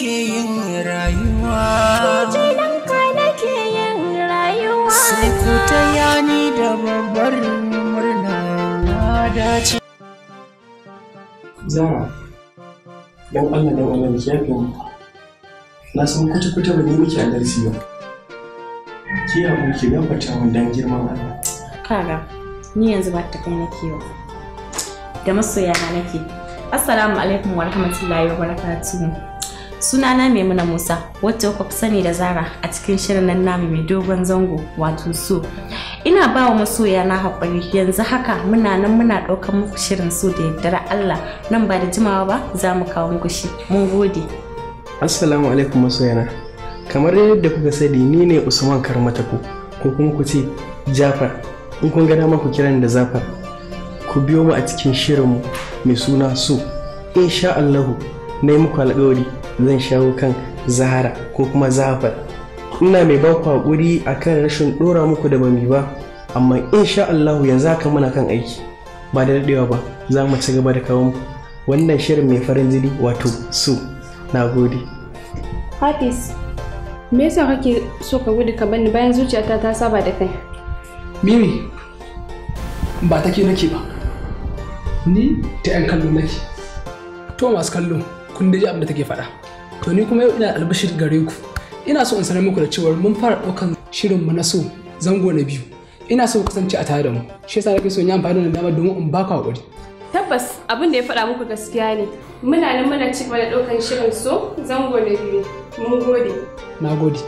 nake yin rayuwa yin rayuwa Sai ku taya ni da babbar murna da dace Zara dan Allah da Allah ki mu Na san kuta kuta ba ne muke a darsi ba Ki ya ki gabata mun dan girman Allah Kaga ni yanzu ba ta kai na kewa. da masoyana nake Assalamu alaikum wa rahmatullahi wa barakatuhu. Sunana Maimuna Musa, wacce kuka fi sani da Zara a cikin shirin nan namu mai dogon zango wato so. Ina ba wa masoya na haƙuri yanzu haka muna nan muna ɗaukar muku shirin so da yaddara Allah nan ba da jimawa ba za mu kawo muku shi. Mun gode. Assalamu alaikum masoyana. Kamar yadda kuka sani ni ne Usman karmatako ko kuma ku ce Jafar. In kun gada maku kiran da Zafar. Ku biyo mu a cikin shirin mu mai suna so. Insha Allahu na yi muku alƙawari zan shawo kan zahara ko kuma zafar ina mai ba ku haƙuri a kan rashin ɗora muku da bami ba amma insha Allahu yanzu haka muna kan aiki ba da daɗewa ba za mu ci gaba da kawo muku wannan shirin mai farin jini wato su na gode hafiz me yasa kake so ka gudu ka bani bayan zuciyata ta saba da kai mimi ba take nake ba ni ta 'yan kallo nake to masu kallo kun ji abin da take faɗa to ni kuma yau ina albashir gare ku ina so in sanar muku da cewa mun fara ɗaukan shirin mu na so zango na biyu ina so kasance a tare da mu shi yasa nake so in yi amfani da dama domin in ba ku hakuri tabbas abin da ya faɗa muku gaskiya ne muna nan muna ci da ɗaukan shirin so zango na biyu mun gode na gode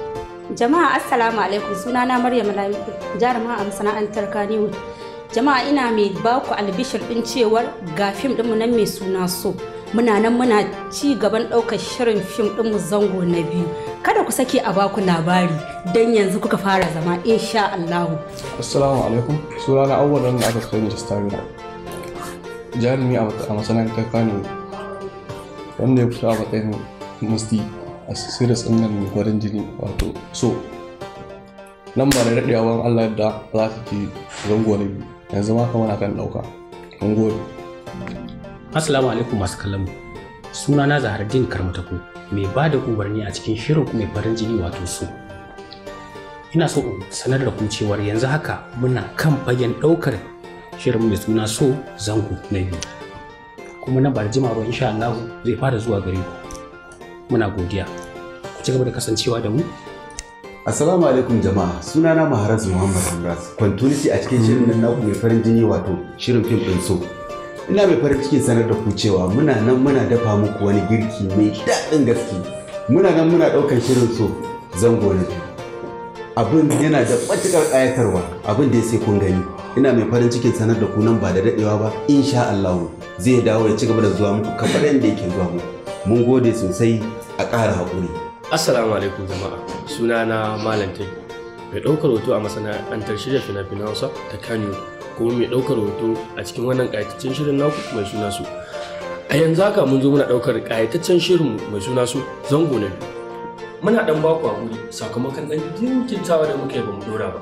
jama'a assalamu alaikum sunana maryam lamido jaruma a masana'antar kaniwood jama'a ina mai baku albishir ɗin cewar ga fim ɗinmu nan mai suna so muna nan muna ci gaban ɗaukar shirin fim mu zango na biyu kada ku sake a baku labari don yanzu kuka fara zama insha Allahu. Assalamu alaikum suna na awwal wanda aka kai da stamina jarumi a masana'antar Kano wanda ya fito a matsayin musti a sirri tsannan mai gwarin jini wato so nan ba da daɗewa wani Allah yadda za ta ci zango na biyu yanzu ma kamar kan ɗauka. Mun gode. Assalamu alaikum masu kallon suna na Zahardin Karmatako mai ba da umarni a cikin shirin ku mai farin jini wato so? Ina so in sanar da ku cewar yanzu haka muna kan fagen ɗaukar shirin mai suna so zango na biyu. Kuma na jima ruwa insha Allah zai fara zuwa gare ku. Muna godiya. Ku ci gaba da kasancewa da mu. Assalamu alaikum jama'a sunana Maharaz Muhammad Amras. Kwantunisi a cikin shirin nan naku mai farin jini wato shirin fim ɗin so. ina mai farin cikin sanar da ku cewa muna nan muna dafa muku wani girki mai daɗin gaske muna nan muna ɗaukar shirin so zango na abin yana da matuƙar ƙayatarwa abin da sai kun gani ina mai farin cikin sanar da ku nan ba da daɗewa ba insha Allah zai dawo ya ci gaba da zuwa muku kamar yadda yake zuwa mu. mun gode sosai a ƙara haƙuri assalamu alaikum jama'a sunana malam tai mai ɗaukar hoto a masana'antar shirya fina-finansa ta kano kuma mai ɗaukar hoto a cikin wannan ƙayataccen shirin naku mai suna su a yanzu haka mun zo muna ɗaukar ƙayataccen shirinmu mai suna su zango na biyu muna ɗan baku a wuri sakamakon ɗan jinkintawa da muka yi ba mu ɗora ba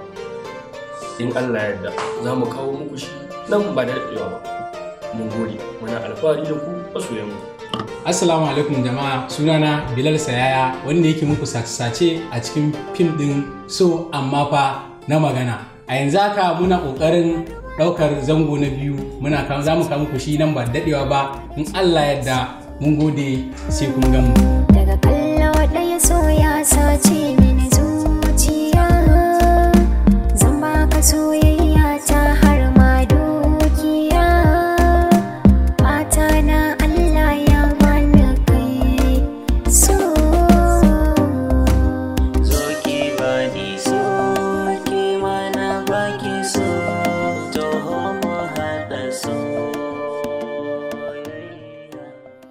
in allah ya yarda za mu kawo muku shi nan ba da daɗewa ba mun gode muna alfahari da ku mu. Assalamu alaikum jama'a sunana Bilal Sayaya wanda yake muku sace a cikin fim ɗin so amma fa na magana. A yanzu haka muna kokarin ɗaukar zango na biyu muna kama za mu kama ku shi nan ba daɗewa ba in Allah yadda mun gode sai kun gamu. Daga kallo ɗaya so ya sace min